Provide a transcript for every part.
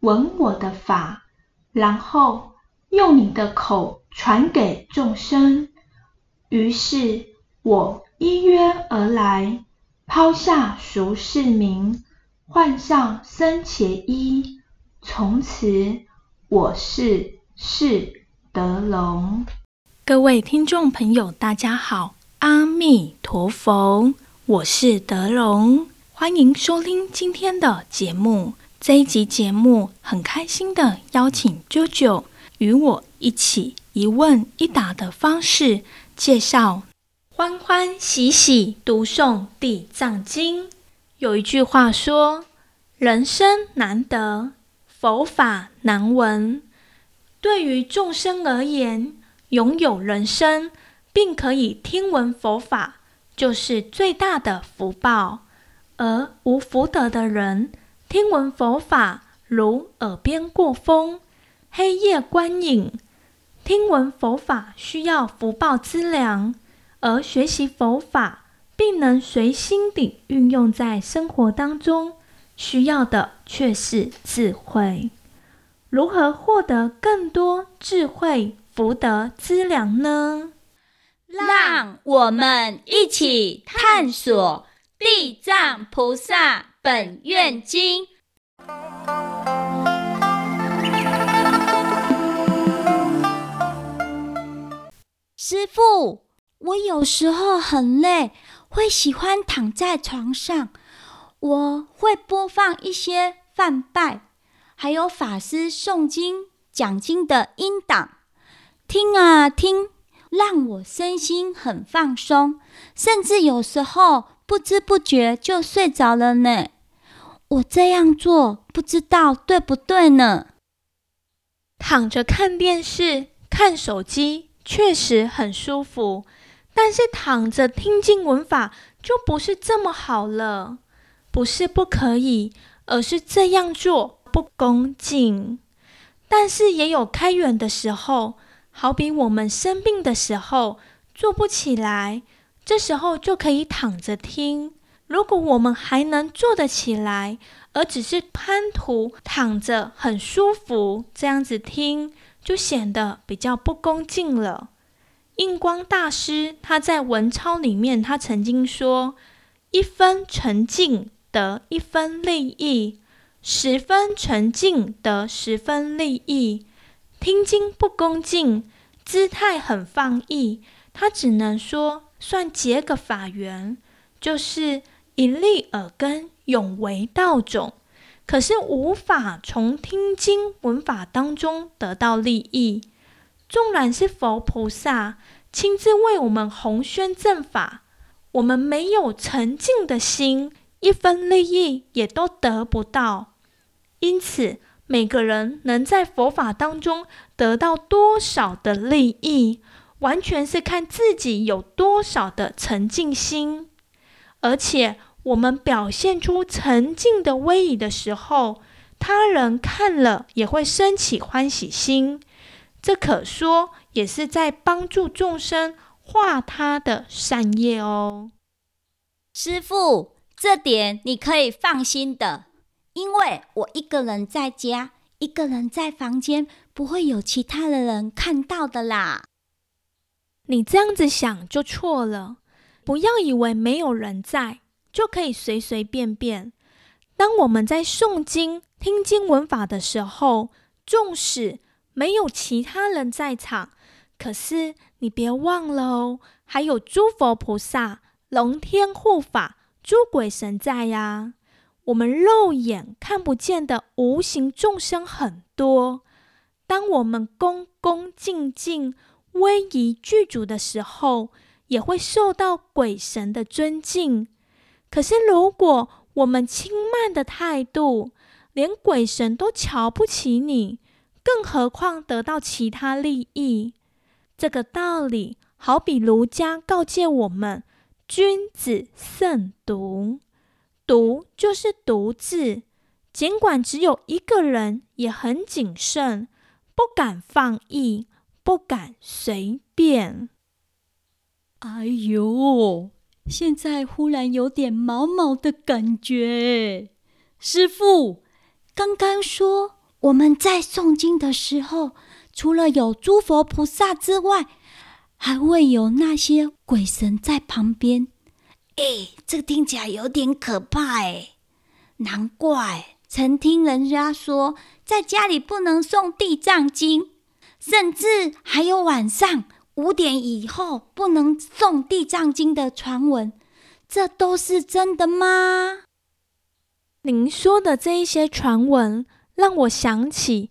聞我的法，然後用你的口傳給眾生。於是，我依約而來，拋下俗世名，換上僧伽衣，從此我是釋德隆。各位聽眾朋友，大家好，阿彌陀佛，我是德隆，歡迎收聽今天的節目。這一集節目很開心的邀請啾啾與我一起一問一答的方式介紹歡歡喜喜讀誦地藏經。有一句話說：“人生難得，佛法難聞。”對於眾生而言，擁有人身並可以聽聞佛法，就是最大的福報。而無福德的人，聽聞佛法如耳邊過風，黑夜觀影。聽聞佛法需要福報資糧，而學習佛法並能隨心地運用在生活當中，需要的卻是智慧。如何獲得更多智慧福德資糧呢？讓我們一起探索地藏菩薩。本願經，師父，我有時候很累，會喜歡躺在床上，我會播放一些梵唄，還有法師誦經、講經的音檔，聽啊聽，讓我身心很放鬆，甚至有時候不知不覺就睡着了呢。我這樣做不知道對不對呢？躺着看電視、看手機確實很舒服，但是躺着聽經聞法就不是這麼好了。不是不可以，而是這樣做不恭敬。但是也有開緣的時候，好比我們生病的時候坐不起來，這時候就可以躺着聽。如果我們還能坐得起來，而只是貪圖躺着很舒服，這樣子聽就顯得比較不恭敬了。印光大師他在文鈔裡面，他曾經說：“一分誠敬得一分利益，十分誠敬得十分利益。聽經不恭敬，姿態很放逸，他只能說算結個法緣，就是。”一歷耳根，永為道種。可是無法從聽經聞法當中得到利益。縱然是佛菩薩親自為我們弘宣正法，我們沒有沉靜的心，一分利益也都得不到。因此，每個人能在佛法當中得到多少的利益，完全是看自己有多少的沉靜心，而且。我們表現出沉靜的威儀的時候，他人看了也會生起歡喜心，這可說也是在幫助眾生化他的善業哦。師父，這點你可以放心的，因為我一個人在家，一個人在房間，不會有其他的人看到的啦。你這樣子想就錯了，不要以為沒有人在。就可以隨隨便便。當我們在誦經、聽經、聞法的時候，縱使沒有其他人在場，可是你別忘了哦，還有諸佛菩薩、龍天護法、諸鬼神在呀、啊。我們肉眼看不見的無形眾生很多。當我們恭恭敬敬、威儀具足的時候，也會受到鬼神的尊敬。可是，如果我們輕慢的態度，連鬼神都瞧不起你，更何況得到其他利益？這個道理，好比儒家告誡我們：君子慎獨，獨就是獨自，儘管只有一個人，也很謹慎，不敢放逸，不敢隨便。哎喲！現在忽然有點毛毛的感覺，師父剛剛說，我們在誦經的時候，除了有諸佛菩薩之外，還會有那些鬼神在旁邊。哎，這個聽起來有點可怕哎，難怪曾聽人家說，在家裡不能誦地藏經，甚至還有晚上。五點以後不能誦《地藏經》的傳聞，這都是真的嗎？您說的這些傳聞，讓我想起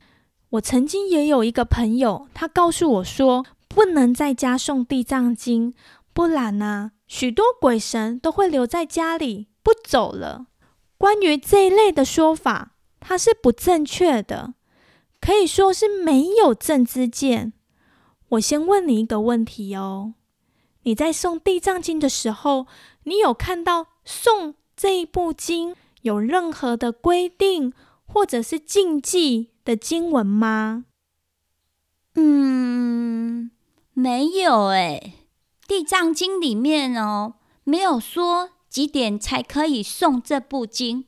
我曾經也有一個朋友，他告訴我說，不能在家誦《地藏經》，不然呢、啊，許多鬼神都會留在家裡不走了。關於這一類的說法，它是不正確的，可以說是沒有正知見。我先問你一個問題哦，你在誦《地藏經》的時候，你有看到誦這一部經有任何的規定或者是禁忌的經文嗎？嗯，沒有哎，《地藏經》裡面哦，沒有說幾點才可以誦這部經，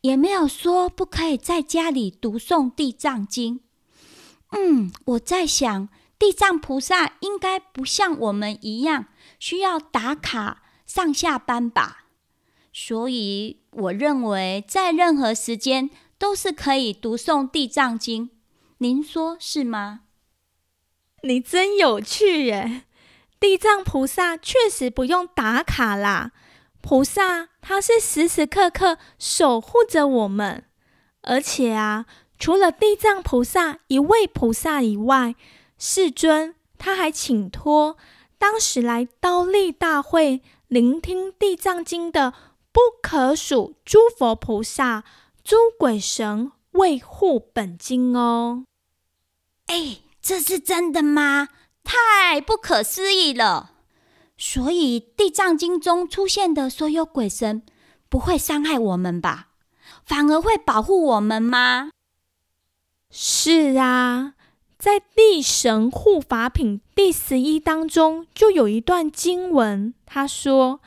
也沒有說不可以在家裡讀誦《地藏經》。嗯，我在想，地藏菩薩應該不像我們一樣需要打卡上下班吧？所以我認為在任何時間都是可以讀誦地藏經。您說是嗎？你真有趣耶！地藏菩薩確實不用打卡啦。菩薩他是時時刻刻守護着我們，而且啊，除了地藏菩薩一位菩薩以外。世尊，他還請托當時來忉利大會聆聽《地藏經》的不可數諸佛菩薩、諸鬼神為護本經哦。哎，這是真的嗎？太不可思議了！所以《地藏經》中出現的所有鬼神，不會傷害我們吧？反而會保護我們嗎？是啊。在地神護法品第十一當中，就有一段經文，它說：“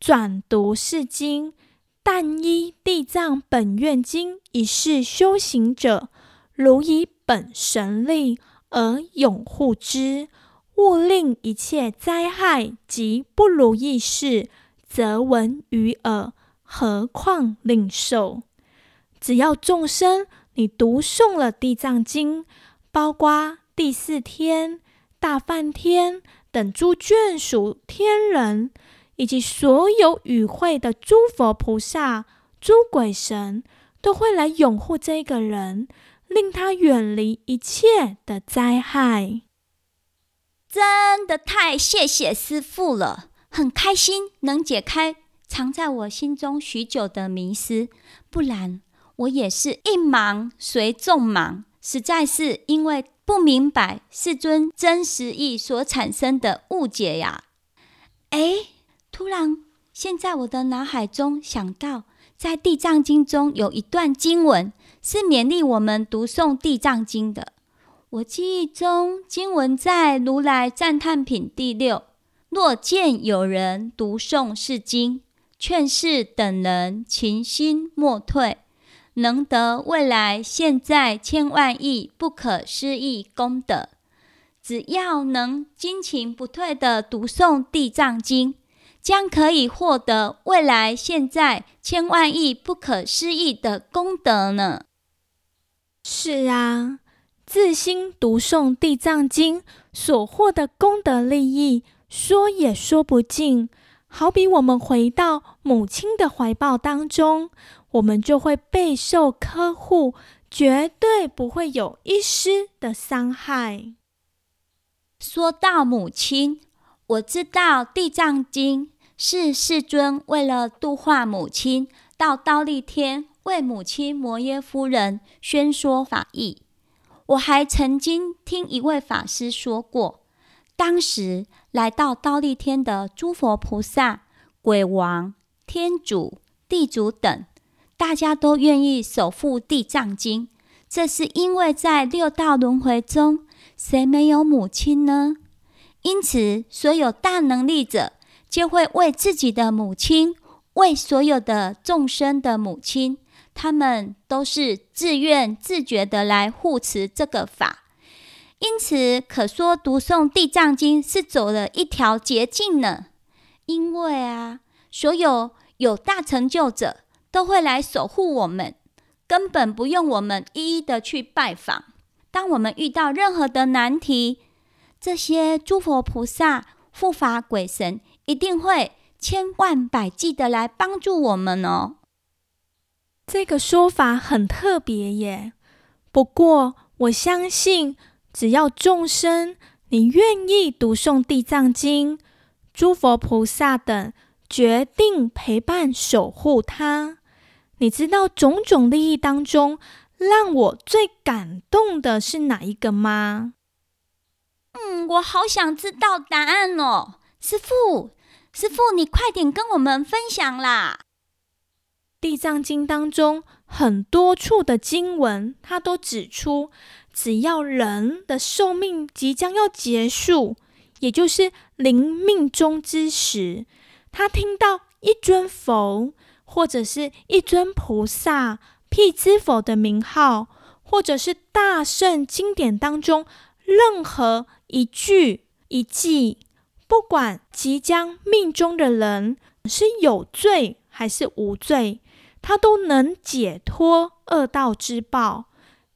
轉讀是經，但依地藏本願經，以是修行者，如以本神力而擁護之，勿令一切災害及不如意事，則聞於耳，何況令受？只要眾生，你讀誦了地藏經。”包括第四天、大梵天等諸眷屬、天人，以及所有與會的諸佛菩薩、諸鬼神，都會來擁護這個人，令他遠離一切的災害。真的太謝謝師父了，很開心能解開藏在我心中許久的迷思，不然我也是一盲隨眾盲。實在是因為不明白世尊真實意所產生的誤解呀！誒，突然，現在我的腦海中想到，在《地藏經》中有一段經文是勉勵我們讀誦《地藏經》的。我記憶中，經文在《如來讚歎品》第六：“若見有人讀誦是經，勸是等人勤心莫退。”能得未來現在千萬億不可思議功德，只要能精勤不退地讀誦地藏經，將可以獲得未來現在千萬億不可思議的功德呢。是啊，至心讀誦地藏經所獲的功德利益，說也說不盡。好比我們回到母親的懷抱當中，我們就會備受呵護，絕對不會有一絲的傷害。說到母親，我知道《地藏經》是世尊為了度化母親，到忉利天為母親摩耶夫人宣說法義。我還曾經聽一位法師說過。當時來到忉利天的諸佛菩薩、鬼王、天主、地主等，大家都願意守護地藏經，這是因為在六道輪迴中，誰沒有母親呢？因此，所有大能力者就會為自己的母親，為所有的眾生的母親，他們都是自願自覺的來護持這個法。因此，可說讀誦《地藏經》是走了一條捷徑呢？因為啊，所有有大成就者都會來守護我們，根本不用我們一一的去拜訪。當我們遇到任何的難題，這些諸佛菩薩、護法鬼神一定會千萬百計的來幫助我們哦。這個說法很特別耶。不過，我相信。只要眾生你願意讀誦《地藏經》，諸佛菩薩等決定陪伴守護他。你知道種種利益當中，讓我最感動的是哪一個嗎？嗯，我好想知道答案哦，師父，師父，你快點跟我們分享啦！《地藏經》當中很多處的經文，他都指出，只要人的壽命即將要結束，也就是臨命終之時，他聽到一尊佛或者是一尊菩薩辟支佛的名號，或者是大聖經典當中任何一句一記，不管即將命終的人是有罪還是無罪，他都能解脫惡道之報。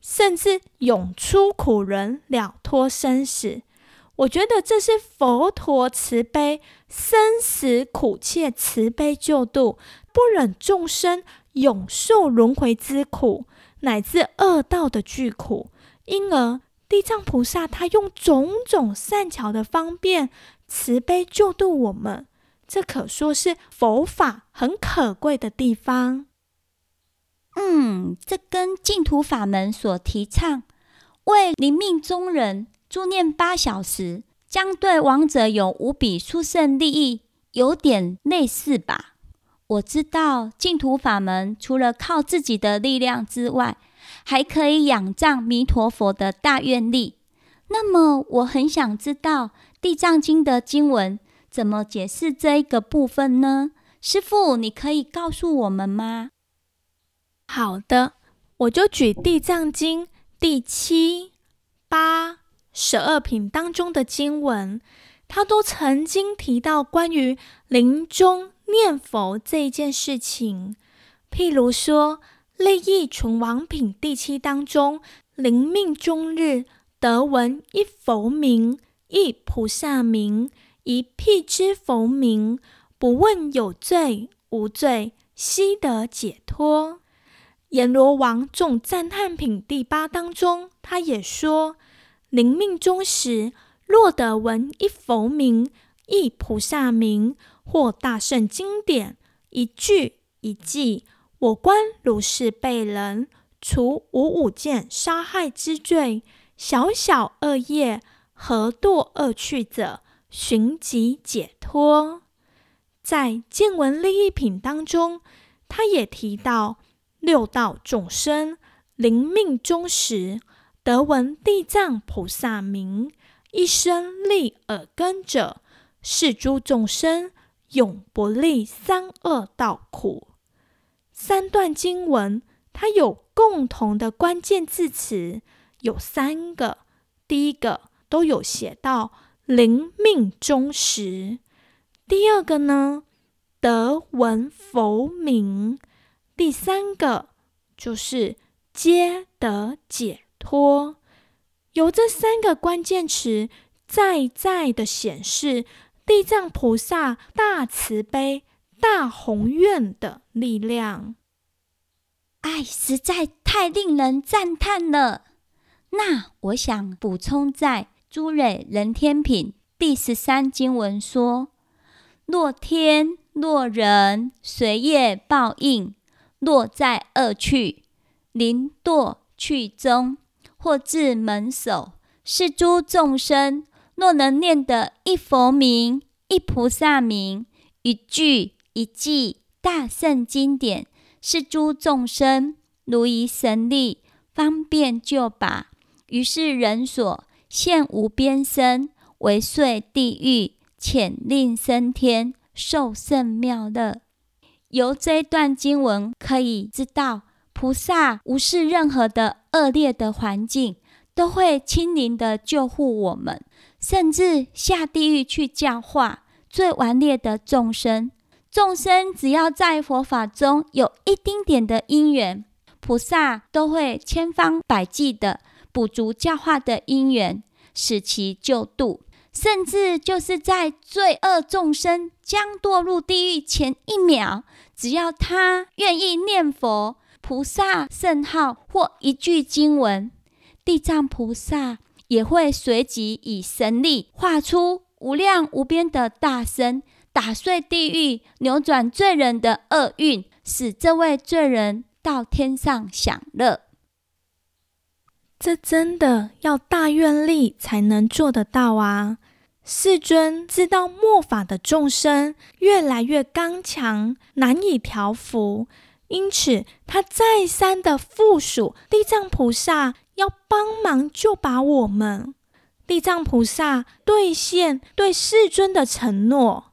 甚至永出苦輪，了脫生死，我覺得這是佛陀慈悲，生死苦切，慈悲救度，不忍眾生永受輪迴之苦，乃至惡道的巨苦，因而地藏菩薩他用種種善巧的方便慈悲救度我們，這可說是佛法很可貴的地方。嗯，這跟淨土法門所提倡為臨命終人助念八小時，將對亡者有無比殊勝利益，有點類似吧？我知道淨土法門除了靠自己的力量之外，還可以仰仗彌陀佛的大願力。那麼，我很想知道《地藏經》的經文怎麼解釋這一個部分呢？師父，你可以告訴我們嗎？好的，我就舉《地藏經》第七、八、十二品當中的經文，他都曾經提到關於臨終念佛這一件事情。譬如說，《利益存亡品》第七當中：“臨命終日，得聞一佛名、一菩薩名、一辟支佛名，不問有罪無罪，悉得解脫。”閻羅王眾讚歎品第八當中，他也說：“臨命終時，若得聞一佛名、一菩薩名，或大聖經典一句一偈，我觀如是輩人，除五無間殺害之罪，小小惡業，何墮惡趣者？尋即解脫。”在見聞利益品當中，他也提到。六道眾生臨命終時，得聞地藏菩薩名一聲歷耳根者，是諸眾生永不歷三惡道苦。三段經文，它有共同的關鍵字詞，有三個。第一個都有寫到臨命終時，第二個呢，得聞佛名。第三個就是皆得解脫，有這三個關鍵詞，在在地顯示地藏菩薩大慈悲、大宏願的力量，愛、哎、實在太令人讚嘆了。那我想補充在《囑累人天品》第十三經文說：若天若人隨業報應。落在惡趣、臨墮趣中，或至門首，是諸眾生若能念得一佛名、一菩薩名、一句一偈大乘經典，是諸眾生汝以神力方便救拔，於是人所現無邊身，為碎地獄，遣令生天，受勝妙樂。由這一段經文可以知道，菩薩無視任何的惡劣的環境，都會親臨的救護我們，甚至下地獄去教化最頑劣的眾生。眾生只要在佛法中有一丁點的因緣，菩薩都會千方百計的補足教化的因緣，使其救度，甚至就是在罪惡眾生將墮入地獄前一秒。只要他願意念佛、菩薩聖號或一句經文，地藏菩薩也會隨即以神力化出無量無邊的大聲，打碎地獄，扭轉罪人的厄運，使這位罪人到天上享樂。這真的要大願力才能做得到啊！世尊知道末法的眾生越來越剛強，難以調伏，因此他再三的咐囑地藏菩薩要幫忙，救拔我們。地藏菩薩兌現對世尊的承諾。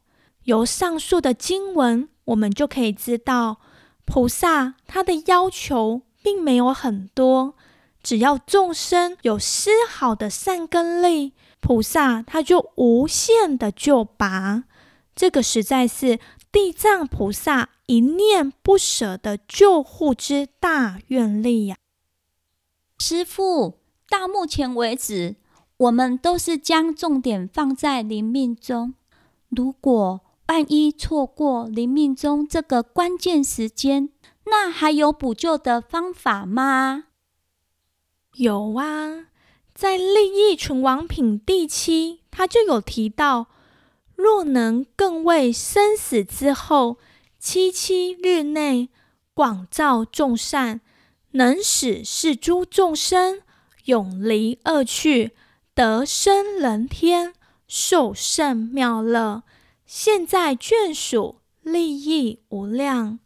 由上述的經文，我們就可以知道，菩薩他的要求並沒有很多，只要眾生有絲毫的善根力。菩薩他就無限的救拔，這個實在是地藏菩薩一念不捨的救護之大願力呀、啊。師父，到目前為止，我們都是將重點放在臨命終。如果萬一錯過臨命終這個關鍵時間，那還有補救的方法嗎？有啊。在利益存亡品第七，他就有提到：若能更為生死之後七七日內廣造眾善，能使是諸眾生永離惡趣，得生人天，受勝妙樂，現在眷屬利益無量。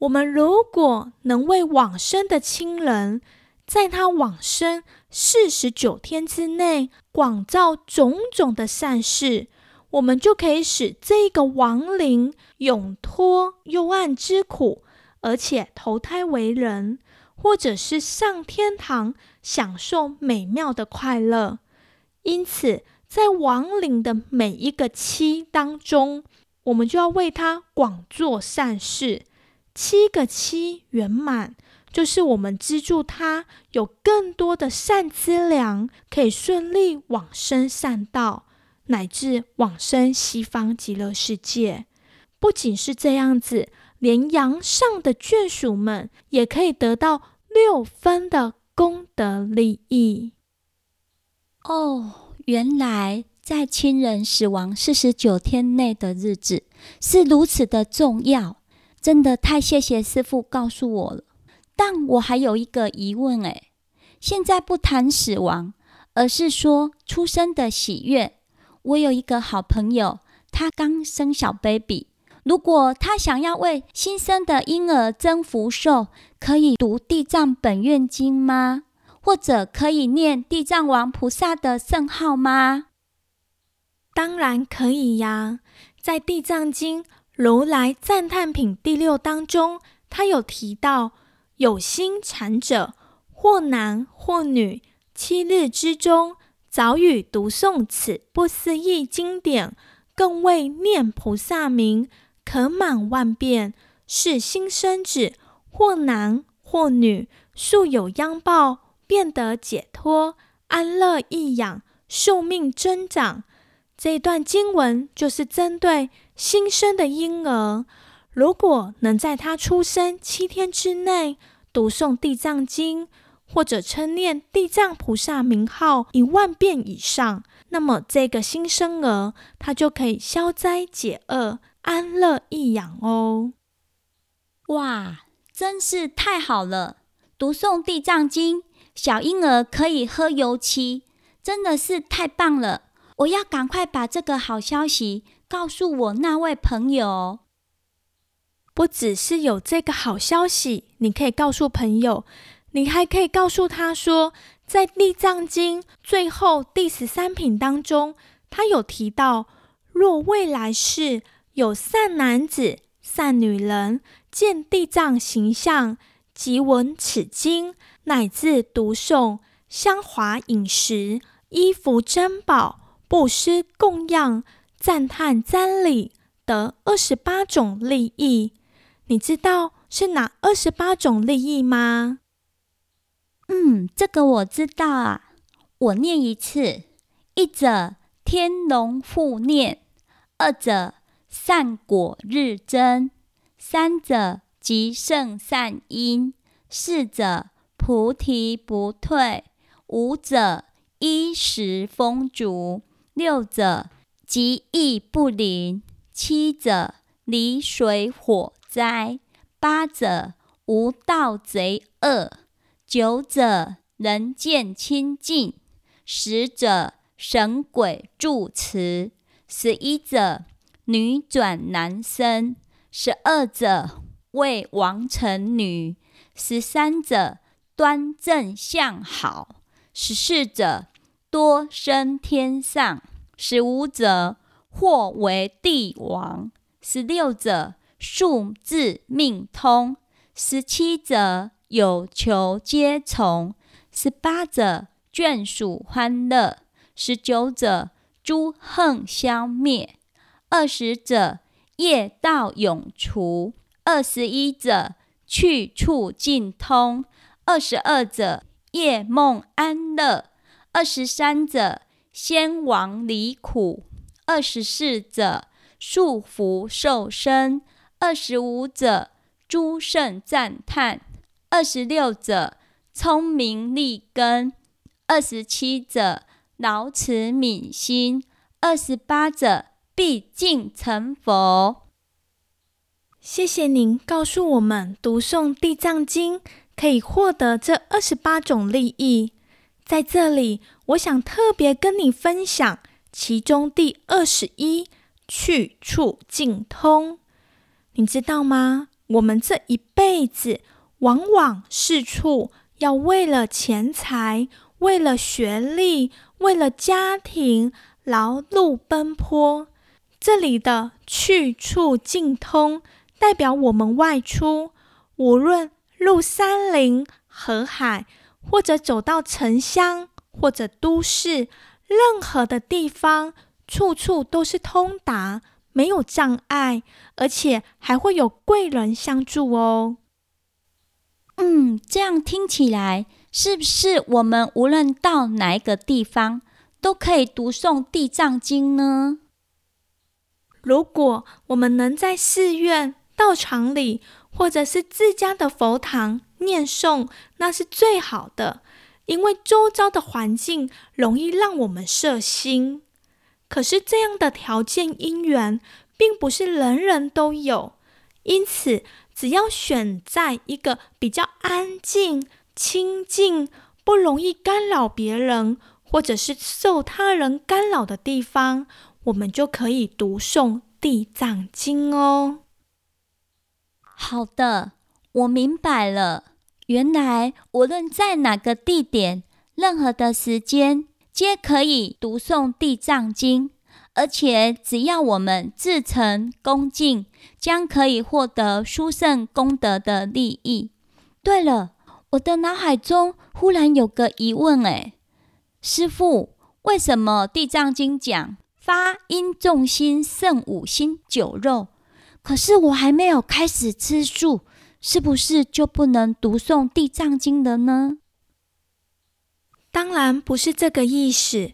我們如果能為往生的親人，在他往生四十九天之內，廣造種種的善事，我們就可以使這個亡靈永脫幽暗之苦，而且投胎為人，或者是上天堂享受美妙的快樂。因此，在亡靈的每一個七當中，我們就要為他廣做善事，七個七圓滿。就是我們資助他有更多的善資糧，可以順利往生善道，乃至往生西方極樂世界。不僅是這樣子，連陽上的眷屬們也可以得到六分的功德利益。哦，原來在親人死亡四十九天內的日子是如此的重要，真的太謝謝師父告訴我了。但我還有一個疑問，哎，現在不談死亡，而是說出生的喜悅。我有一個好朋友，他剛生小 baby。如果他想要為新生的嬰兒增福壽，可以讀《地藏本願經》嗎？或者可以念地藏王菩薩的聖號嗎？當然可以呀。啊，在《地藏經》如來讚歎品第六當中，他有提到。有新產者，或男或女，七日之中，早與讀誦此不思議經典，更為念菩薩名，可滿萬遍。是新生子，或男或女，宿有殃報，便得解脫，安樂易養，壽命增長。這段經文就是針對新生的嬰兒，如果能在他出生七天之內，讀誦《地藏經》，或者稱念地藏菩薩名號一萬遍以上，那麼這個新生兒他就可以消災解厄、安樂易養哦。哇，真是太好了！讀誦《地藏經》，小嬰兒可以喝油漆，真的是太棒了！我要趕快把這個好消息告訴我那位朋友。不只是有這個好消息，你可以告訴朋友，你還可以告訴他說，在《地藏經》最後第十三品當中，他有提到：若未來世有善男子、善女人見地藏形象，及聞此經，乃至讀誦、香華飲食、衣服珍寶、布施供養、讚歎瞻禮，得二十八種利益。你知道是哪二十八種利益嗎？嗯，這個我知道啊。我念一次：一者天龍護念，二者善果日增，三者集聖善因，四者菩提不退，五者衣食豐足，六者疾疫不臨，七者離水火。災，八者無盜賊惡，九者人見清淨，十者神鬼助持，十一者女轉男身，十二者為王臣女，十三者端正相好，十四者多生天上，十五者或為帝王，十六者，宿智命通，十七者有求皆從；十八者眷屬歡樂；十九者諸橫消滅；二十者業道永除；二十一者去處盡通；二十二者夜夢安樂；二十三者先亡離苦；二十四者宿福受生。二十五者，諸聖讚歎；二十六者，聰明利根；二十七者，饒慈愍心；二十八者，畢竟成佛。謝謝您告訴我們，讀誦地藏經可以獲得這二十八種利益。在這裡，我想特別跟你分享其中第二十一，去處盡通。你知道嗎？我們這一輩子往往四處要為了錢財、為了學歷、為了家庭勞碌奔波。這裡的去處盡通，代表我們外出，無論入山林、河海，或者走到城鄉，或者都市，任何的地方，處處都是通達。沒有障礙，而且還會有貴人相助哦。嗯，這樣聽起來，是不是我們無論到哪一個地方，都可以讀誦《地藏經》呢？如果我們能在寺院、道場裡，或者是自家的佛堂念誦，那是最好的，因為周遭的環境容易讓我們攝心。可是，這樣的條件因緣，並不是人人都有。因此，只要選在一個比較安靜、清靜、不容易干擾別人，或者是受他人干擾的地方，我們就可以讀誦《地藏經》哦。好的，我明白了。原來，無論在哪個地點，任何的時間。皆可以讀誦《地藏經》，而且只要我們至誠恭敬，將可以獲得殊勝功德的利益。對了，我的腦海中忽然有個疑問誒，誒師父，為什麼《地藏經》講發殷重心勝五辛酒肉？可是我還沒有開始吃素，是不是就不能讀誦《地藏經》的呢？當然不是這個意思。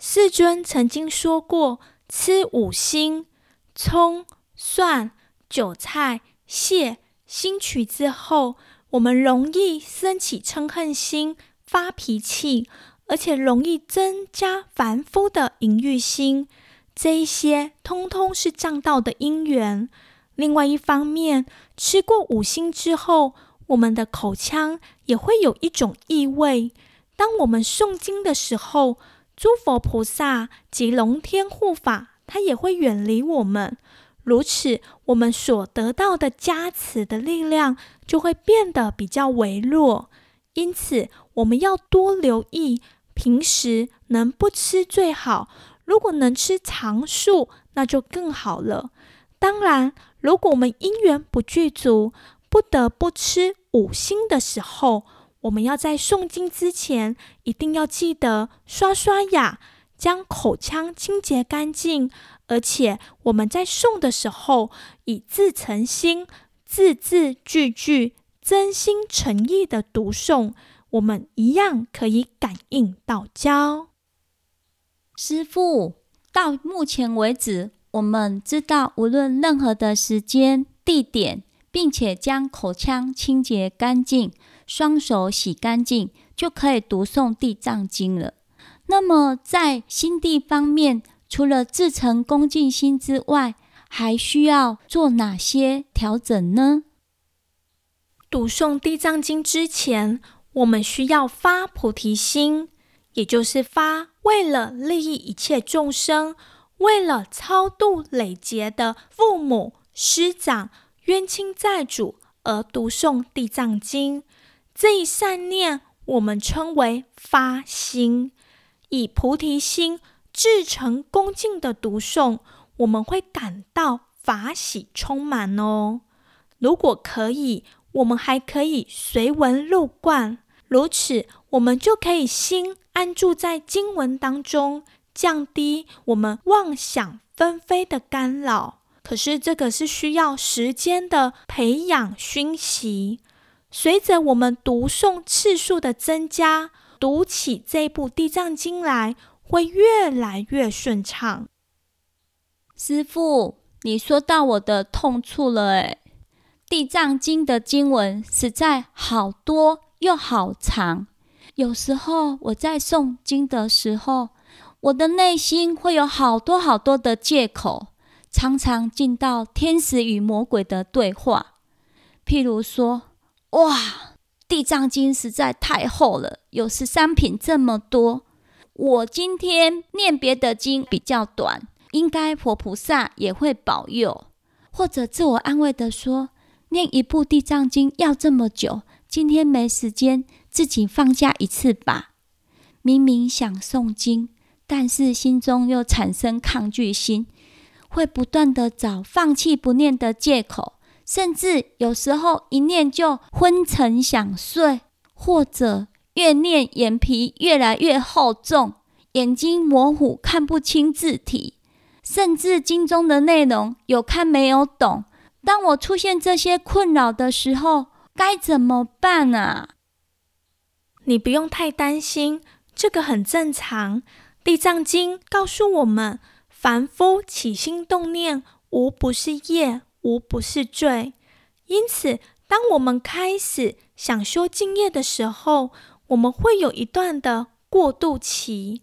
世尊曾經說過，吃五辛（蔥、蒜、韭菜、薤、興渠）之後，我們容易生起嗔恨心、發脾氣，而且容易增加凡夫的淫欲心。這一些通通是障道的因緣。另外一方面，吃過五辛之後，我們的口腔也會有一種異味。當我們誦經的時候，諸佛菩薩及龍天護法，他也會遠離我們。如此，我們所得到的加持的力量就會變得比較微弱。因此，我們要多留意，平時能不吃最好。如果能吃長素，那就更好了。當然，如果我們因緣不具足，不得不吃五辛的時候，我們要在誦經之前，一定要記得刷刷牙，將口腔清潔乾淨。而且我們在誦的時候，以至誠心，字字句句真心誠意的讀誦，我們一樣可以感應到教。師父。到目前為止，我們知道，無論任何的時間、地點，並且將口腔清潔乾淨。雙手洗乾淨就可以讀誦地藏經了。那麼在心地方面，除了至誠恭敬心之外，還需要做哪些調整呢？讀誦地藏經之前，我們需要發菩提心，也就是發為了利益一切眾生，為了超度累劫的父母、師長、冤親債主而讀誦地藏經。這一善念，我們稱為發心。以菩提心至誠恭敬的讀誦，我們會感到法喜充滿哦。如果可以，我們還可以隨文入觀，如此我們就可以心安住在經文當中，降低我們妄想紛飛的干擾。可是這個是需要時間的培養熏習。隨着我們讀誦次數的增加，讀起這部《地藏經》來會越來越順暢。師父，你說到我的痛處了。《地藏經》的經文實在好多又好長，有時候我在誦經的時候，我的內心會有好多好多的借口，常常聽到天使與魔鬼的對話，譬如說。哇，地藏經實在太厚了，有十三品這麼多。我今天念別的經比較短，應該佛菩薩也會保佑，或者自我安慰的說，念一部地藏經要這麼久，今天沒時間，自己放假一次吧。明明想誦經，但是心中又產生抗拒心，會不斷的找放棄不念的借口。甚至有時候一念就昏沉想睡，或者越念眼皮越來越厚重，眼睛模糊看不清字體，甚至經中的內容有看沒有懂。當我出現這些困擾的時候，該怎麼辦啊？你不用太擔心，這個很正常。地藏經告訴我們，凡夫起心動念，無不是業。無不是罪，因此，當我們開始想說敬業的時候，我們會有一段的過渡期。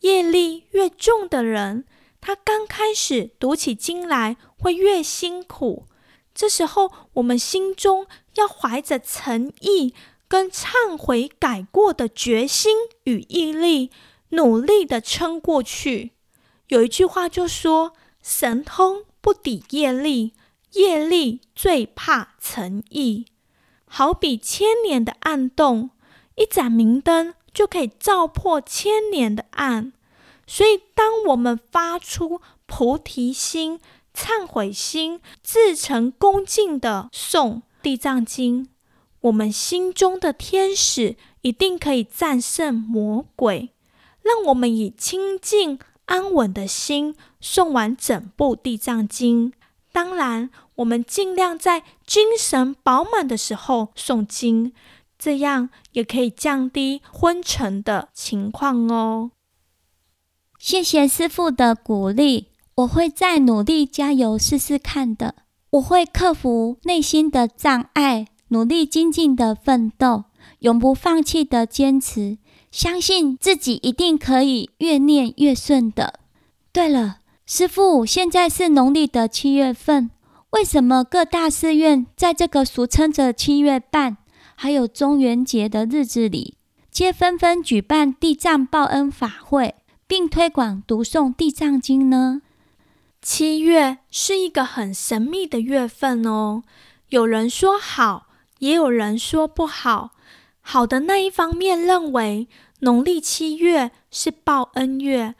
業力越重的人，他剛開始讀起經來會越辛苦。這時候，我們心中要懷着誠意跟懺悔改過的決心與毅力，努力地撐過去。有一句話就說：“神通不抵業力。”業力最怕誠意，好比千年的暗洞，一盞明燈就可以照破千年的暗。所以，當我們發出菩提心、懺悔心、至誠恭敬地誦《地藏經》，我們心中的天使一定可以戰勝魔鬼，讓我們以清淨安穩的心誦完整部《地藏經》。當然，我們盡量在精神飽滿的時候誦經，這樣也可以降低昏沉的情況哦。謝謝師父的鼓勵，我會再努力加油試試看的。我會克服內心的障礙，努力精進的奮鬥，永不放棄的堅持，相信自己一定可以越念越順的。對了。師父，現在是農曆的七月份，為什麼各大寺院在這個俗稱着“七月半”，還有中元節的日子裡，皆紛紛舉辦地藏報恩法會，並推廣讀誦地藏經呢？七月是一個很神秘的月份哦，有人說好，也有人說不好。好的那一方面認為，農曆七月是報恩月。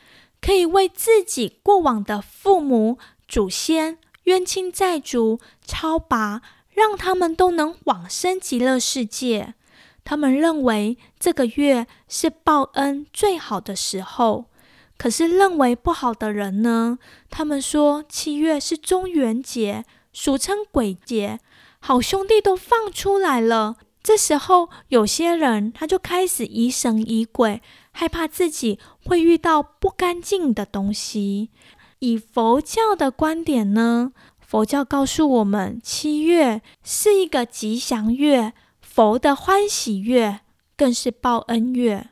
可以為自己過往的父母、祖先、冤親債主超拔，讓他們都能往生極樂世界。他們認為這個月是報恩最好的時候。可是認為不好的人呢？他們說七月是中元節，俗稱鬼節，好兄弟都放出來了。這時候有些人他就開始疑神疑鬼。害怕自己會遇到不乾淨的東西。以佛教的觀點呢，佛教告訴我們，七月是一個吉祥月，佛的歡喜月，更是報恩月。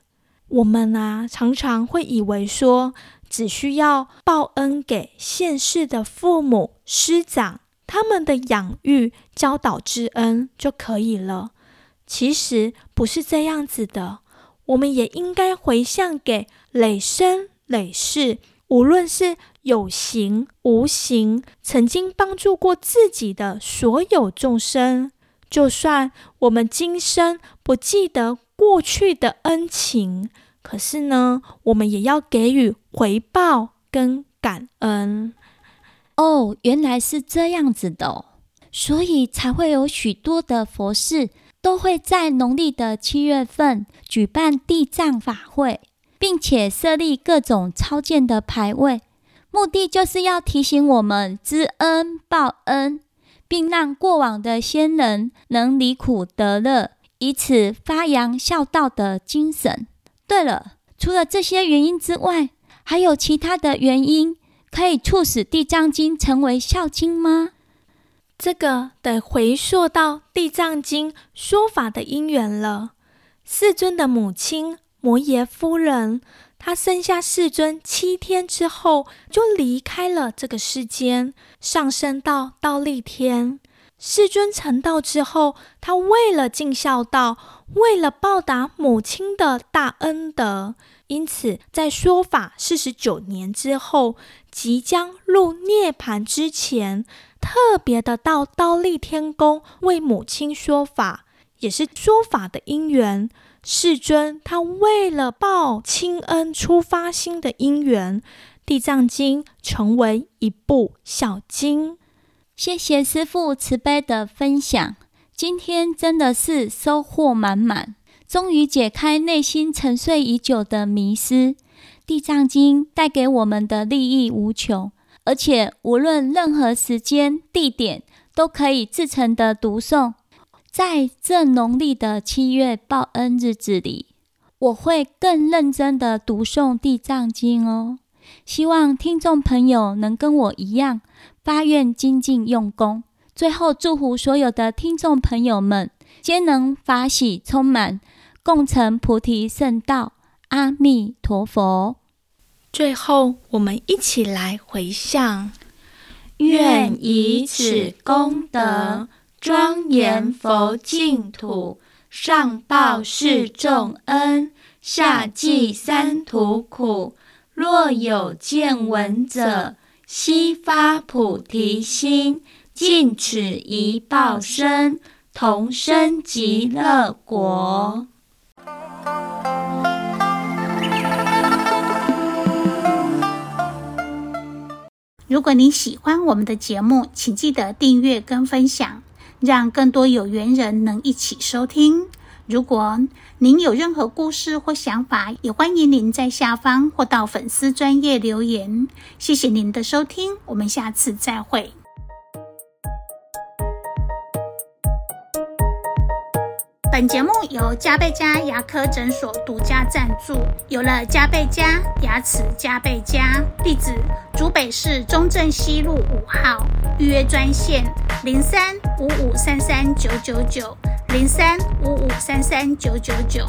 我們啊，常常會以為說，只需要報恩給現世的父母、師長，他們的養育、教導之恩就可以了。其實不是這樣子的。我們也應該回向給累生累世，無論是有形無形，曾經幫助過自己的所有眾生。就算我們今生不記得過去的恩情，可是呢，我們也要給予回報跟感恩。哦，原來是這樣子的哦，所以才會有許多的佛事。都會在農曆的七月份舉辦地藏法會，並且設立各種超薦的牌位，目的就是要提醒我們知恩報恩，並讓過往的先人能離苦得樂，以此發揚孝道的精神。對了，除了這些原因之外，還有其他的原因可以促使《地藏經》成為孝經嗎？這個得回溯到《地藏經》說法的因緣了。世尊的母親摩耶夫人，她生下世尊七天之後，就離開了這個世間，上升到忉利天。世尊成道之後，他為了盡孝道，為了報答母親的大恩德。因此，在說法四十九年之後，即將入涅槃之前，特別的到忉利天宮為母親說法，也是說法的因緣。世尊他為了報親恩，初發心的因緣，《地藏經》成為一部孝經。謝謝師父慈悲的分享，今天真的是收穫滿滿。終於解開內心沉睡已久的迷思，《地藏經》帶給我們的利益無窮，而且無論任何時間地點都可以自成的讀誦。在這農曆的七月報恩日子裡，我會更認真地讀誦《地藏經》哦。希望聽眾朋友能跟我一樣發願精進用功。最後，祝福所有的聽眾朋友們皆能法喜充滿。共成菩提聖道，阿彌陀佛。最後，我們一起來回向，願以此功德莊嚴佛淨土，上報四重恩，下濟三途苦。若有見聞者，悉發菩提心，盡此一報身，同生極樂國。如果您喜歡我們的節目，請記得訂閱跟分享，讓更多有緣人能一起收聽。如果您有任何故事或想法，也歡迎您在下方或到粉絲專頁留言。謝謝您的收聽，我們下次再會。本節目由嘉貝嘉牙科診所獨家贊助。有了嘉貝嘉，牙齒加倍加，嘉貝嘉地址：竹北市中正西路五號，預約專線零三五五三三九九九，零三五五三三九九九。